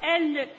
Elnök